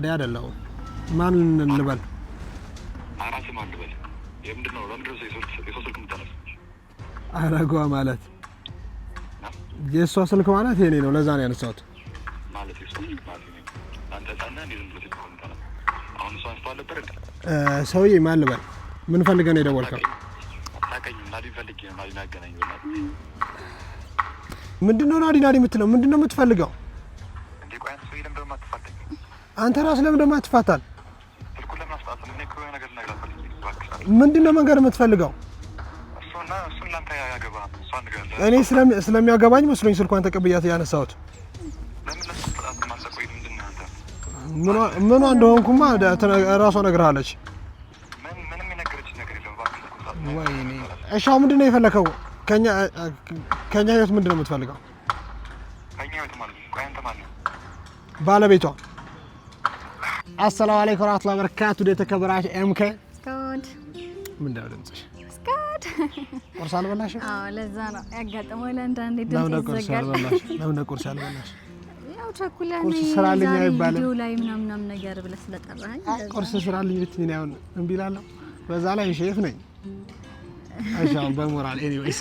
ታዲያ አይደለሁም። ማን ልበል? የምንድን ነው ለምንድን ነው የሰው ስልክ የምታነሳው? አረጓ ማለት የእሷ ስልክ ማለት የኔ ነው። ለዛ ነው ያነሳሁት። ሰውዬ ማን ልበል? ምን ፈልገህ ነው የደወልከው? ምንድን ነው ናዲ ናዲ የምትለው? ምንድን ነው የምትፈልገው? አንተ ራስ ለምን ደግሞ አትፋታል? ምንድን ነው መንገር የምትፈልገው? እኔ ስለሚያገባኝ መስሎኝ ስልኳን ተቀብያት ያነሳሁት። ምኗ እንደሆንኩማ እራሷ ነግርሃለች። እሺ አሁን ምንድን ነው የፈለከው? ከእኛ ህይወት ምንድን ነው የምትፈልገው? ባለቤቷ አሰላሙ አለይኩም ወራህመቱላሂ ወበረካቱ። ወደ ተከበራሽ ኤምኬ ስካውንት ምን ነው ድምጽሽ? ስካውንት ቁርስ አልበላሽም? አዎ፣ ለዛ ነው ያጋጠመው። ለአንዳንዴ ድምጽ ይዘጋል። ለምን ቁርስ አልበላሽ? ያው ቸኩላ ነኝ። ቁርስ ስራ አይባልም። ቪዲዮ ላይ ምናምን ምናምን ነገር ብለህ ስለጠራኸኝ ቁርስ ስራ ብትይ ነው ያውን እምቢ እላለሁ። በዛ ላይ ሼፍ ነኝ። እሺ፣ በሞራል ኤኒዌይስ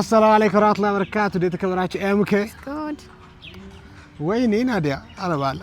አሰላሙ አለይኩም ወራህመቱላሂ ወበረካቱ። ወደ ተከበራሽ ኤምኬ ስካውንት ወይኔ ናዲያ አረባላ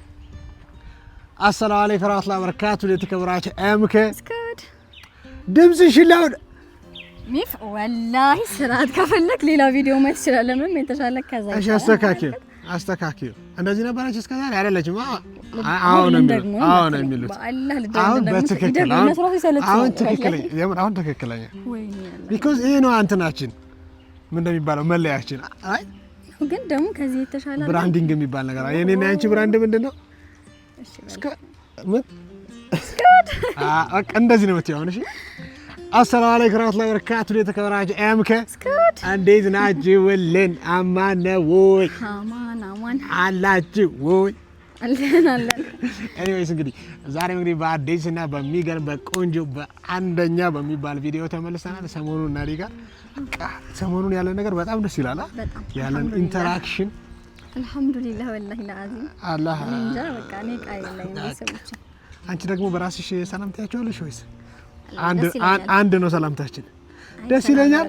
አሰላም አለይኩም ወራህመቱላሂ ወበረካቱ። የተከበራችሁ ኤምኬ ድምፅሽ ላሁን ሚፍ ወላሂ ስርዓት ከፈለክ ሌላ ቪዲዮ ማየት ትችላለህ። ምንም የተሻለ ከዛ እሺ፣ አስተካክዩ አስተካክዩ። እንደዚህ ነበረች እስከ ዛሬ አይደለችም። አሁን ደግሞ የሚሉት አሁን በትክክል ትክክለኛ አሁን ትክክለኛ ቢኮዝ ይሄ ነው እንትናችን ምን እንደሚባለው መለያችን። አይ ግን ደግሞ ከዚህ የተሻለ ብራንዲንግ የሚባል ነገር የኔና ያንቺ ብራንድ ምንድን ነው? እንደዚህ ነው የምትይው። አሁን እሺ አሰላሙ አለይኩም ወራህመቱላሂ ወበረካቱህ። የተከበራችሁ ኤምከ እንዴት ወይ አላችሁ ወይ? ኤኒዌይስ እንግዲህ ዛሬም እንግዲህ በአዲስ እና በሚገርም በቆንጆ በአንደኛ በሚባል ቪዲዮ ተመልሰናል። ሰሞኑን ያለ ሰሞኑን ያለን ነገር በጣም ደስ ይላል። ያለን ኢንተራክሽን አልሐምዱሊላህ ወላሂ ለአዚም አላህ እንጃ በቃ እኔ ቃል አንቺ ደግሞ በራስሽ ሰላም ታያቸዋለሽ ወይስ አንድ አንድ ነው ሰላምታችን? ደስ ይለኛል።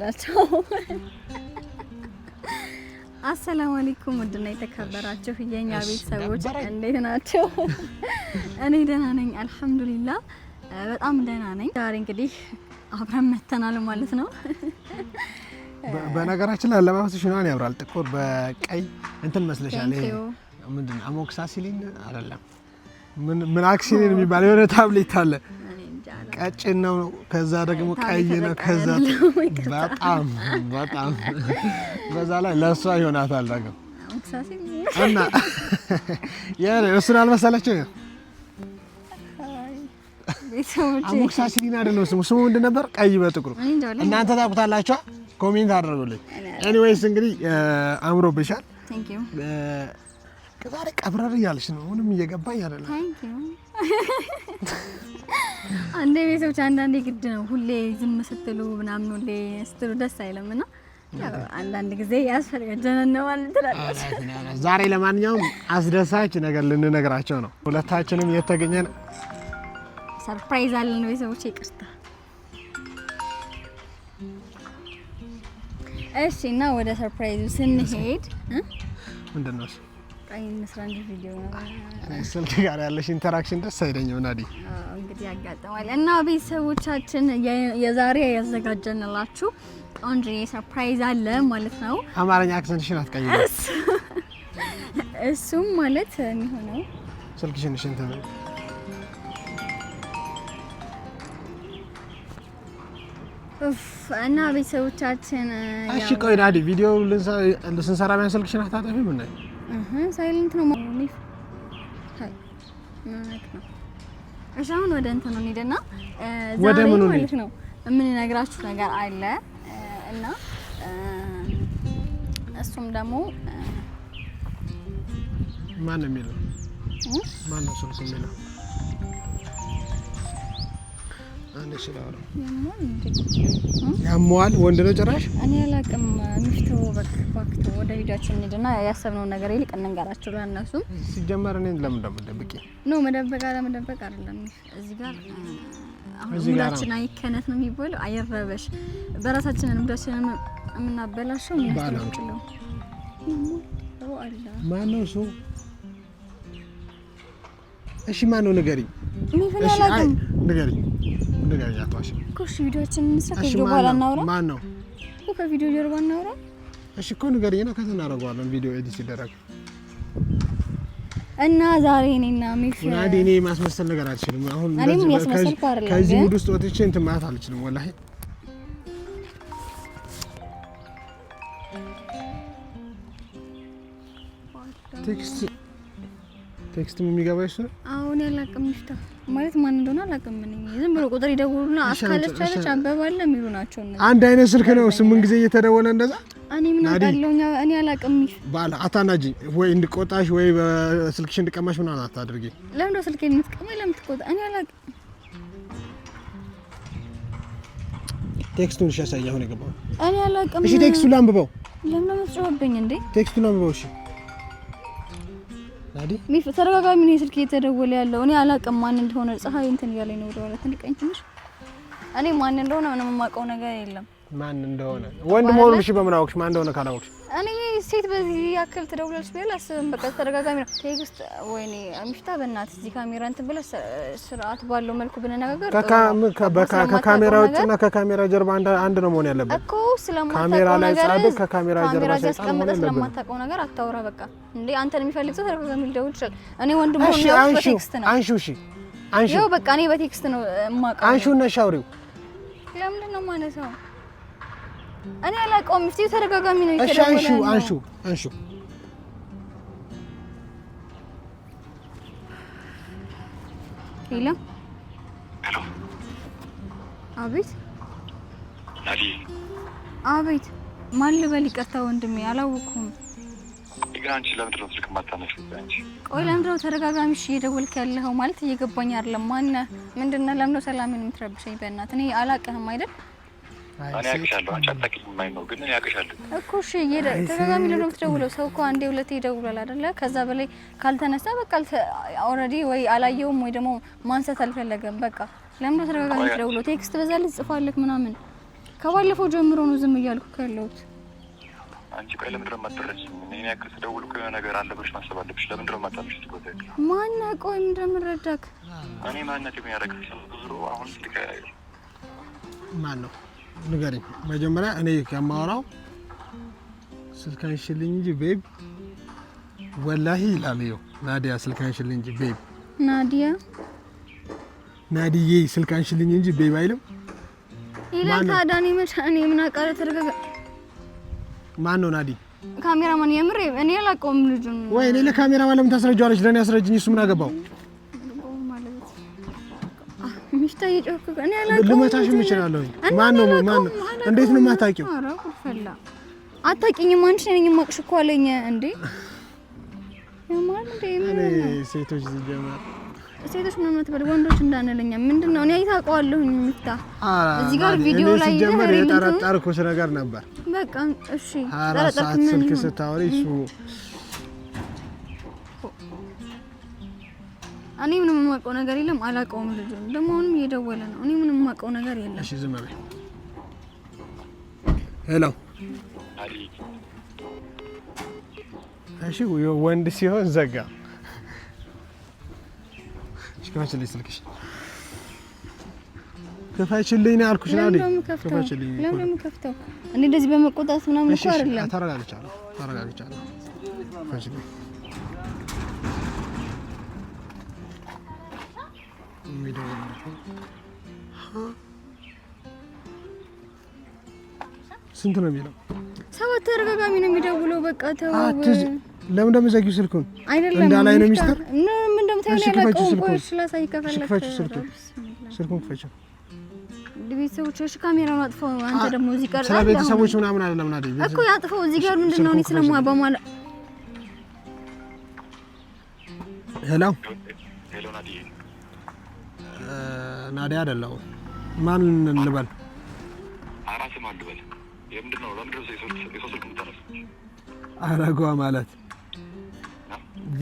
አሰላሙ አለይኩም ውድና የተከበራችሁ የኛ ቤተሰቦች እንዴት ናቸው? እኔ ደህና ነኝ አልሐምዱሊላህ፣ በጣም ደህና ነኝ። ዛሬ እንግዲህ አብረን መተናል ማለት ነው በነገራችን ላይ አለባበስሽ ምናምን ያምራል። ጥቁር በቀይ እንትን መስለሻል። ይሄ ምንድን ነው? አሞክሳሲሊን አይደለም፣ ምን አክሲሊን የሚባል የሆነ ታብሌት አለ። ቀጭን ነው፣ ከዛ ደግሞ ቀይ ነው። ከዛ በጣም በጣም በዛ ላይ ለእሷ ይሆናታል ደግሞ እና እሱን አልመሰለችም። አሞክሳሲሊን አይደለም ስሙ። ስሙ ምንድን ነበር? ቀይ በጥቁሩ እናንተ ታውቁታላችኋል። ኮሜንት አድርጉልኝ። ኤኒዌይስ እንግዲህ አምሮብሻል። ዛሬ ቀብረር እያለች ነው። ምንም እየገባኝ አይደለም። አንዴ ቤተሰቦች አንዳንዴ ግድ ነው። ሁሌ ዝም ስትሉ ምናምን ሁሌ ስትሉ ደስ አይልም እና አንዳንድ ጊዜ ያስፈልጋል። ጀነነዋል ዛሬ ለማንኛውም አስደሳች ነገር ልንነግራቸው ነው። ሁለታችንም የተገኘን ሰርፕራይዝ አለን። ቤተሰቦች ይቅርታ እሺ። እና ወደ ሰርፕራይዙ ስንሄድ ምንድን ነው እሱ ቀይ እንስራ እንደ ቪዲዮ ስልክ ጋር ያለሽ ኢንተራክሽን ደስ አይለኝም። ናዲ እንግዲህ ያጋጥማል። እና ቤተሰቦቻችን የዛሬ ያዘጋጀንላችሁ ቆንጆ ሰርፕራይዝ አለ ማለት ነው። አማርኛ አክሰንትሽን አትቀይሪም። እሱም ማለት የሚሆነው ስልክሽን ሽንት ነው እና ቤተሰቦቻችን እሺ፣ ቆይ ዳዲ ቪዲዮ ስንሰራ ቢያን ስልክሽን አታጠፊም? ምን ሳይለንት ነው እሺ። አሁን ወደ እንትን እንሂድና ወደ ምን ማለት ነው የምንነግራችሁ ነገር አለ እና እሱም ደግሞ ማን የሚለው ማን ነው ስልኩ የሚለው ያመዋል። ወንድ ነው ጭራሽ። እኔ አላቅም። ሚፍቶ በክቶ ወደ ቪዲዮችን እንሂድና ያሰብነውን ነገር ይልቅ እንንገራቸው። ለእነሱም ሲጀመር እኔ ለምን እንደምደብቅ ኖ መደበቅ አለመደበቅ አይደለም እዚህ ጋር ሁላችን አይከነት ነው የሚባለው። አይረበሽ በራሳችንን ሁላችንን የምናበላሸው የሚያስተላምችለው ማነው ሰው? እሺ ማነው? ንገሪኝ ንገሪኝ ከቪዲዮ ጀርባ እናውራ። እሺ እኮ ንገሪኝ ነው፣ ከዛ እናደርገዋለን። ቪዲዮ ኤዲት ሲደረግ እና ዛሬ እኔና ሚፍ ናዲ እኔ ማስመሰል ነገር አልችልም። አሁን ከዚህ ሙድ ውስጥ ወጥቼ እንትን ማለት አልችልም ወላሂ። ቴክስት ቴክስትም የሚገባ ይችላል አላውቅም። ይፍታ ማለት ማን እንደሆነ አላውቅም። ምን ዝም ብሎ ቁጥር ይደውሉና አስካለች አለች አንበባለ የሚሉ ናቸው። አንድ አይነት ስልክ ነው ስምንት ጊዜ እየተደወለ እንደዛ። እኔ ምን አውቃለሁ? እኔ አላውቅም። ባላ አታናጂ ወይ እንድቆጣሽ ወይ በስልክሽ እንድቀማሽ ምናምን አታድርጊ። ለምን ነው ስልክ የምትቀማኝ? ለምን ትቆጣ? እኔ አላውቅም። ቴክስቱን እሺ፣ ያሳይ አሁን የገባው እኔ አላውቅም። እሺ ቴክስቱን ላንብበው። ለምን ነው የምትጮህብኝ እንዴ? ቴክስቱን ላንብበው። እሺ ተደጋጋሚ ነው ስልክ እየተደወለ ያለው። እኔ አላውቅም ማን እንደሆነ። ፀሐይ እንትን እያለኝ ነው። ወደ ኋላ ትንቀኝ ትንሽ። እኔ ማን እንደሆነ ምንም የማውቀው ነገር የለም። ማን እንደሆነ ወንድ መሆኑን እሺ፣ በምን አወቅሽ? ማን እንደሆነ ካላወቅሽ እኔ ሴት በዚህ ያክል ትደውላለች ብዬ አላስብም። በቃ ተደጋጋሚ ነው ቴክስት። ወይኔ አምሽታ፣ በእናትህ እዚህ ካሜራ እንትን ብለህ ስርዓት ባለው መልኩ ብንነጋገር። ከካሜራ ውጭና ከካሜራ ጀርባ አንድ ነው መሆን ያለበት እኮ። ካሜራ ላይ ጻድቅ፣ ከካሜራ ጀርባ ሰይጣን መሆን ያለበት። ስለማታውቀው ነገር አታውራ። በቃ እንዴ አንተን የሚፈልግ ሰው ተደጋጋሚ ሊደውል ይችላል። እኔ ወንድ መሆን ያወቅሁት በቴክስት ነው። አንሺው፣ እሺ፣ አንሺው። በቃ እኔ በቴክስት ነው የማውቀው። አንሺው እና ሻውሪው። ለምንድን ነው የማነሳው? እኔ አላውቀውም። እስኪ ተደጋጋሚ ነው የተደወለ። አንሺው፣ አንሺው። ሄሎ፣ ሄሎ። አቤት፣ አቤት። ማን ልበል? ይቅርታ ወንድሜ አላወኩም። አንቺ ለምንድን ነው ስልክ የማታነሺው? ቆይ፣ ለምንድን ነው ተደጋጋሚ እሺ እየደወልክ ያለኸው? ማለት እየገባኝ አይደለም። ማነህ? ምንድን ነህ? ለምንድን ነው ሰላሜን የምትረብሸኝ? በእናትህ እኔ አላውቅህም አይደል እኔ ያቅሻለሁ። አንቺ አታውቂኝም አይነው ግን እኔ ያቅሻለሁ እኮ። እሺ ተደጋጋሚ ነው የምትደውለው። ሰው እኮ አንዴ ሁለቴ ይደውላል አይደለ? ከዛ በላይ ካልተነሳ በቃ ኦልሬዲ ወይ አላየውም ወይ ደግሞ ማንሳት አልፈለገም። በቃ ለምን ተደጋጋሚ ትደውለው? ቴክስት በዛ ላይ ጽፋለክ ምናምን። ከባለፈው ጀምሮ ነው ዝም እያልኩ ካለሁት። አንቺ ቆይ ለምንድን ነው የማትረጂኝ? እኔ ያክል ስደውል የሆነ ነገር አለ ብለሽ ማሰብ አለብሽ። ለምንድን ነው የማታምሽ? ትቆጣ ማናቅ ቆይ ምንድን ነው የምረዳክ? እኔ ማንነት የሚያረጋሽ ብዙ አሁን ማን ነው ንገሪኝ መጀመሪያ። እኔ ከማወራው ስልካን ሽልኝ እንጂ ቤብ ወላሂ ይላል። ይኸው ናዲያ ስልካን ሽልኝ እንጂ ቤብ፣ ናዲያ ናዲዬ ስልካን ሽልኝ እንጂ ቤብ አይልም ይላል። ታዲያ እኔ መች እኔ ምን አውቃለሁ? ተረጋጋ። ማን ነው ናዲ? ካሜራማን። የምሬ እኔ አላውቀውም ልጁን። ወይ እኔ ለካሜራማን ለምን ታስረጃለች? ለእኔ አስረጅኝ። እሱ ምን አገባው? ልመታሽም እችላለሁ። ማን ነው ማን? እንዴት ነው የማታውቂው? አታውቂኝም። አንቺ ነኝ የማውቅሽ እኮ አለኝ። እንዴ ሴቶች ሲጀመር ሴቶች ምን ወንዶች እንዳንለኛ ምንድን ነው? እኔ ምታ እዚህ ጋር ቪዲዮ ላይ ሲጀመር የጠረጠርኩሽ ነገር ነበር። በቃ እሺ፣ ጠረጠርኩ። ስልክ ስታወሪ እሱ እኔ ምንም የማውቀው ነገር የለም፣ አላውቀውም። ልጁ ደግሞ አሁንም እየደወለ ነው። እኔ ምንም የማውቀው ነገር የለም። እሺ ዝም በይ። ሄሎ። እሺ ወንድ ሲሆን ዘጋ። እሺ ክፈችልኝ፣ ስልክሽ ክፈችልኝ ነው ያልኩሽ። ነው አይደል? ለምን ደግሞ ከፍተው እኔ እንደዚህ በመቆጣት ምናምን እኮ አይደለም። ተረጋግቻለሁ፣ ተረጋግቻለሁ። ክፈችልኝ ነው የደወልኩት። ስንት ነው የሚለው? ሰባት ተደጋጋሚ ነው የሚደውለው። በቃ ተው። ለምን እንደምዘጊው ስልኩን አይደለም እንዳላይ ነው ሚስተር ስልኩን ክፈችው። ስለ ቤተሰቦች ምናምን አይደለም እኮ እዚህ ጋር ምንድን ነው? ሄሎ ናዲ አደለው ማን ልበል? ማን ልበል? የሰው ስልክ አረጓ ማለት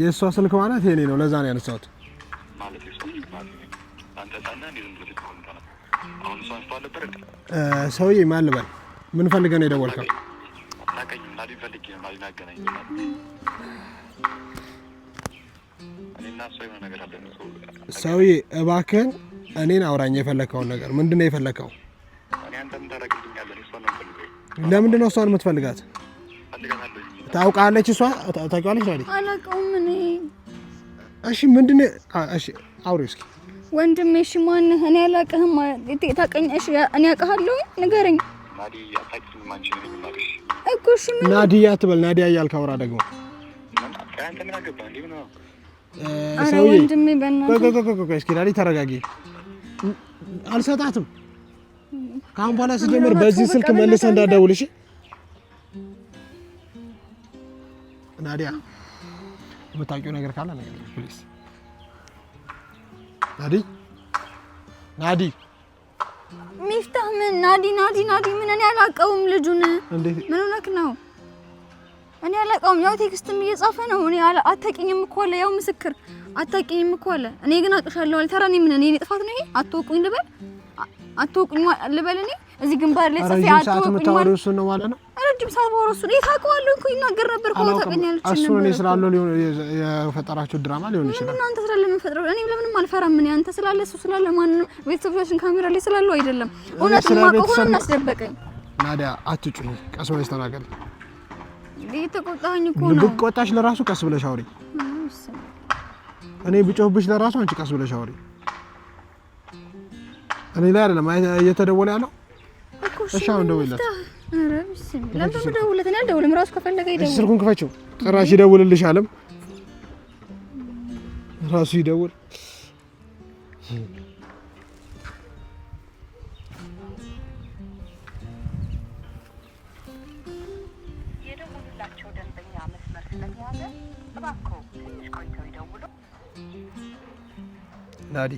የእሷ ስልክ ማለት የኔ ነው። ለዛ ነው ያነሳሁት። ሰውዬ ማን ልበል? ምን ፈልገህ ነው የደወልከው? ሰውዬ እባክህን እኔን አውራኝ የፈለከውን ነገር ምንድነው የፈለከው? ለምንድን ነው እሷን የምትፈልጋት? ታውቃለች? እሷ ታውቃለች? ዳዲ አላውቀውም እኔ። እሺ ምንድን እሺ አውሪ እስኪ ወንድሜ። እሺ ማንህ? እኔ አላውቅህም። ታውቀኝ? እሺ እኔ አውቅሃለሁ። ንገረኝ እኮ። ናዲያ ትበል። ናዲያ እያልክ አውራ ደግሞ ሰውዬ እስኪ ዳኒ ተረጋጊ። አልሰጣትም። ከአሁን በኋላ ስጀምር በዚህ ስልክ መልሰህ እንዳትደውልሽ ናዲያ። የምታውቂው ነገር ካለ ነገር ናዲ ናዲ ሚፍታህ ምን ናዲ ናዲ ናዲ ምን እኔ አላውቀውም ልጁን። ምን ሆነክ ነው? እኔ አላውቀውም። ያው ቴክስትም እየጻፈ ነው። እኔ አላ አታውቂኝም እኮ አለ። ያው ምስክር አታውቂኝም እኮ አለ። እኔ ግን አውቅሻለሁ አለ። ተራ እኔ ምን እኔ ጥፋት ነው ይሄ? አትወቁኝ ልበል አትወቁኝ ልበል። እኔ እዚህ ግንባር ላይ ጽፌ አትወቁኝ ማለት እሱ ነው ማለት ነው። ረጅም ሰዓት ወሮ እሱ ነው ታውቀዋለሁ እኮ ይናገር ነበር እኮ ታውቀኛለች። እሱ እኔ ስላለው ሊሆን የፈጠራችሁ ድራማ ሊሆን ይችላል። እናንተ ስላለ ምን እኔ ለምንም አልፈራም። እኔ አንተ ስላለ እሱ ስላለ ማንም ቤተሰቦቻችን ካሜራ ላይ ስላለው አይደለም። እውነት ማቆቁን እናስደበቀኝ። ናዲያ አትጩኝ፣ ቀስ ብለሽ ተናገሪ የተቆጣኝ እኮ ነው። ብቆጣሽ ለራሱ ቀስ ብለሽ አውሪ። እኔ ብጮህብሽ ለራሱ አንቺ ቀስ ብለሽ አውሪ። እኔ ላይ አይደለም እየተደወለ ያለው። እሺ አሁን ደውይለት። ራሱ ስልኩን ክፈችው። ጭራሽ ይደውልልሽ አለም ራሱ ይደውል ዳዲ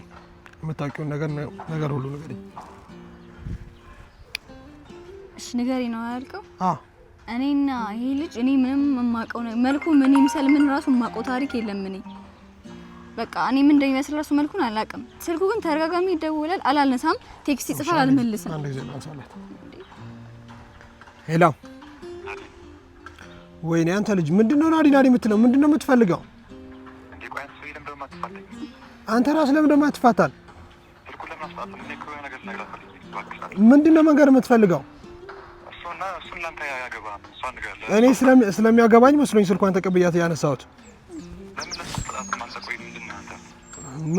የምታውቂውን ነገር ነገር ሁሉ ነገር እሺ ንገሪ ነው ያልከው? አዎ እኔና ይሄ ልጅ እኔ ምንም የማውቀው መልኩ ምን ይምሰል ምን ራሱ የማውቀው ታሪክ የለም። እኔ በቃ እኔ ምን እንደሚመስል ራሱ መልኩን አላውቅም። ስልኩ ግን ተደጋጋሚ ይደውላል፣ አላልነሳም። ቴክስት ይጽፋል፣ አልመልስም። አንድ ጊዜ ላንሳላት። ሄሎ፣ ወይኔ አንተ ልጅ ምንድነው ናዲ ናዲ የምትለው? ምንድነው የምትፈልገው? አንተ ራስህ ለምን ደግሞ አትፋታል? ምንድን ነው መንገድ የምትፈልገው? እኔ ስለሚያገባኝ መስሎኝ ስልኳን ተቀብያት ያነሳሁት።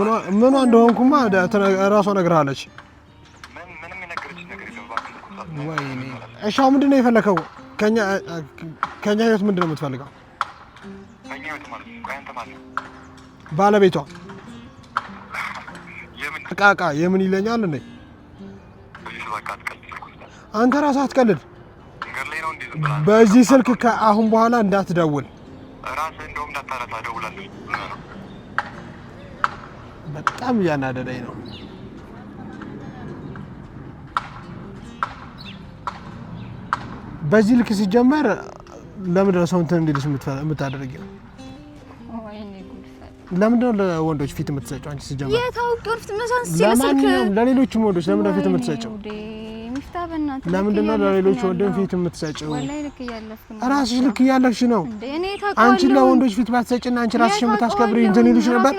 ምኗ እንደሆንኩማ እራሷ ነግርሃለች። እሺ ምንድን ነው የፈለከው? ከእኛ ህይወት ምንድን ነው የምትፈልገው? ባለቤቷ ቃቃ የምን ይለኛል እንዴ? አንተ ራስህ አትቀልድ። በዚህ ስልክ ከአሁን በኋላ እንዳትደውል። በጣም እያናደደኝ ነው። በዚህ ልክ ሲጀመር ለምድረሰው ነው ሰው እንትን እንዲልሽ የምታደርጊው? ለምንድን ነው ለወንዶች ፊት የምትሰጪው? አንቺ ሲጀምር የታውቅ ወርፍት መሳንስ ለማንኛውም ለሌሎችም ወንዶች ለምንድን ነው ፊት የምትሰጪው? ለምንድን ነው ለሌሎች ወንዶች ፊት የምትሰጪው? ራስሽ ልክ እያለፍሽ ነው። አንቺ ለወንዶች ፊት ባትሰጪና አንቺ ራስሽ የምታስከብሪ እንትን ይሉሽ ነበር።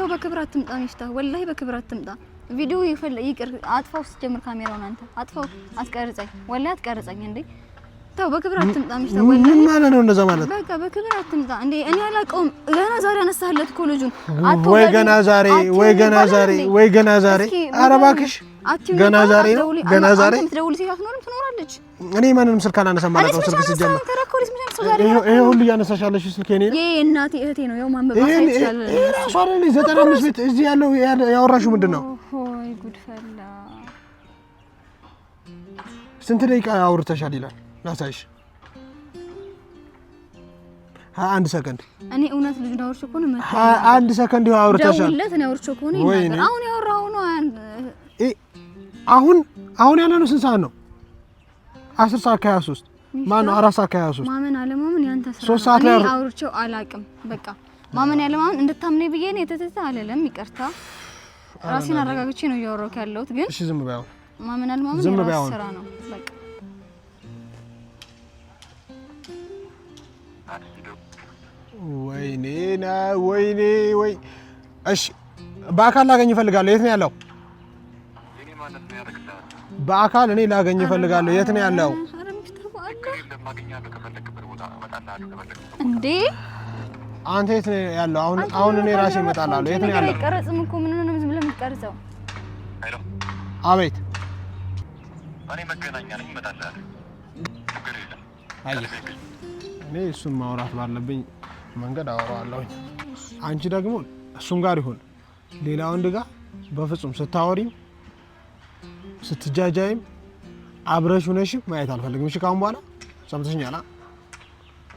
ተው በክብር አትምጣ ሚፍታህ፣ ወላሂ በክብር አትምጣ። ቪዲዮ ይፈል ይቅር። አጥፋው ስትጀምር ካሜራውን አንተ አጥፋው፣ አትቀርጸኝ። ወላሂ አትቀርጸኝ እንዴ ተው በክብር አትምጣ። ምሽታ ምን ማለት ነው እንደዛ ማለት? በቃ በክብር አትምጣ እንዴ! እኔ አላውቀውም። ገና ዛሬ አነሳህለት እኮ ልጁን። ወይ ገና ዛሬ ወይ ገና ዛሬ ወይ ገና ዛሬ። ኧረ እባክሽ ገና ዛሬ ነው ገና ዛሬ። ትደውል ሴት አትኖርም ትኖራለች። እኔ ማንንም ስልክ አላነሳም ማለት ነው። ስልክ ሲጀምር ይሄ ሁሉ እያነሳሽ ያለሽው ስልክ የእኔ ነው። እናቴ እህቴ ነው ያው ማንበብ ይችላል። ይሄ ራሱ አይደል? ዘጠና አምስት ቤት እዚህ ያለው ያወራሽው ምንድን ነው? ጉድ ፈላ ስንት ደቂቃ አውርተሻል ይላል ናሳይሽ አንድ ሰከንድ እኔ እውነት ልጅ ነው አውርቼ እኮ ነው ማለት አንድ ሰከንድ ነው አውርተሻል። ደውልለት ነው አውርቼ እኮ ነው ይናገር። አሁን ያወራው ነው አሁን አሁን ያለ ነው። ስንት ሰዓት ነው? 10 ሰዓት ከ23 ማነው? 4 ሰዓት ከ23 ማመን አለማመን ያንተ ስራ። ሶስት ሰዓት ላይ አውርቼው አላውቅም። በቃ ማመን ያለማመን እንድታምነኝ ብዬ ነው የተተተ አለለም። ይቅርታ ራሴን አረጋግቼ ነው እያወራሁ ያለሁት። ግን እሺ ዝም በያው። ማመን አለማመን ስራ ነው በቃ ወይኔ ወይኔ ወይ እሺ፣ በአካል ላገኝ እፈልጋለሁ። የት ነው ያለው? በአካል እኔ ላገኝ እፈልጋለሁ። የት ነው ያለው? እንዴ አንተ የት ነው ያለው? አሁን አሁን እኔ ራሴ የት ነው ያለው? እኮ ምን ዝም ብለህ የምትቀርጸው? አቤት እኔ እሱን ማውራት ባለብኝ መንገድ አወራዋለሁኝ። አንቺ ደግሞ እሱም ጋር ይሁን ሌላ ወንድ ጋር በፍጹም ስታወሪም ስትጃጃይም አብረሽ ሁነሽም ማየት አልፈልግም። እሺ ካሁን በኋላ ሰምተሽኛላ?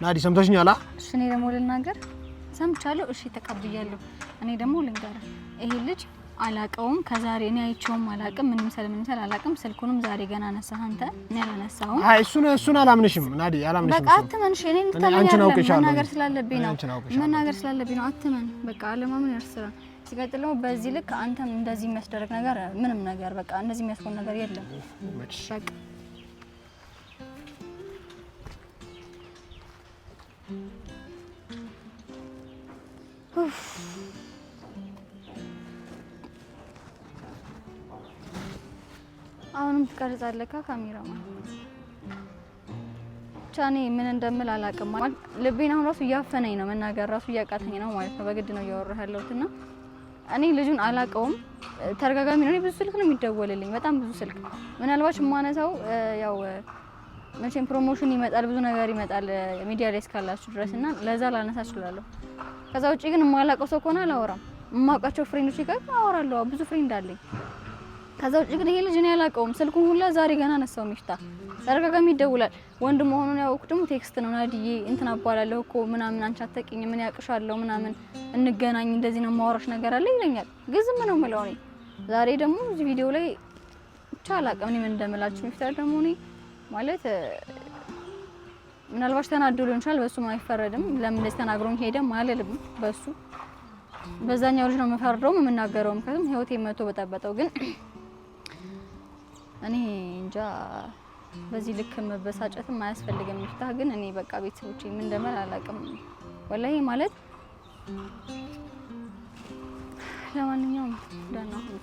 ናዲ ሰምተሽኛላ? እሺ እኔ ደግሞ ልናገር። ሰምቻለሁ። እሺ ተቀብያለሁ። እኔ ደግሞ ልንገር ይሄ ልጅ አላቀውም። ከዛሬ እኔ አይቼውም አላቅም። ምንም ሰል ምንም ሰል አላቅም። ስልኩንም ዛሬ ገና ነሳህ አንተ። እኔ አላነሳሁም። አይ እሱን እሱን አላምንሽም ናዲ፣ አላምንሽም። በቃ አትመን። እሺ፣ እኔ መናገር ስላለብኝ ነው መናገር ስላለብኝ ነው። አትመን። በቃ አለማምን ያርስራ። ሲቀጥል ደግሞ በዚህ ልክ አንተም እንደዚህ የሚያስደረግ ነገር ምንም ነገር በቃ እንደዚህ የሚያስሆን ነገር የለም። በቃ አሁንም ትቀርጻለካ ካሜራ ብቻ እኔ ምን እንደምል አላውቅም። ልቤን አሁን ራሱ እያፈነኝ ነው፣ መናገር ራሱ እያቃተኝ ነው ማለት ነው። በግድ ነው እያወራህ ያለሁት እና እኔ ልጁን አላውቀውም። ተደጋጋሚ ነው፣ ብዙ ስልክ ነው የሚደወልልኝ፣ በጣም ብዙ ስልክ። ምናልባች የማነሳው ያው መቼም ፕሮሞሽን ይመጣል፣ ብዙ ነገር ይመጣል ሚዲያ ላይ እስካላችሁ ድረስ እና ለዛ ላነሳ እችላለሁ። ከዛ ውጭ ግን የማላውቀው ሰው ከሆነ አላወራም። የማውቃቸው ፍሬንዶች ጋር አወራለሁ። ብዙ ፍሬንድ አለኝ። ከዛ ውጭ ግን ይሄ ልጅ እኔ አላውቀውም። ስልኩን ሁላ ዛሬ ገና ነሳው። ሚፍታ ተደጋጋሚ ይደውላል። ወንድ መሆኑን ያወኩት ደግሞ ቴክስት ነው። ናድዬ እንትና አባላለሁ እኮ ምናምን አንቺ አታውቂኝም ምን ያውቅሻለሁ ምናምን እንገናኝ እንደዚህ ነው የማወራሽ ነገር አለ ይለኛል። ግን ዝም ነው የምለው እኔ። ዛሬ ደግሞ እዚህ ቪዲዮ ላይ ብቻ አላውቅም እኔ ምን እንደምላችሁ። ሚፍታ ደግሞ እኔ ማለት ምናልባሽ ተናዶ ሊሆን ይችላል። በሱም አይፈረድም። ለምን እንደዚህ ተናግሮኝ ሄደ አልልም በሱ በዛኛው ልጅ ነው የምፈርደው የምናገረው። ምክንያቱም ህይወቴ መቶ በጠበጠው ግን እኔ እንጃ በዚህ ልክ መበሳጨትም አያስፈልግም። ሚፍታህ ግን እኔ በቃ ቤተሰቦቼ ምን እንደምል አላውቅም ወላሂ ማለት ለማንኛውም ደህና ሁኑ።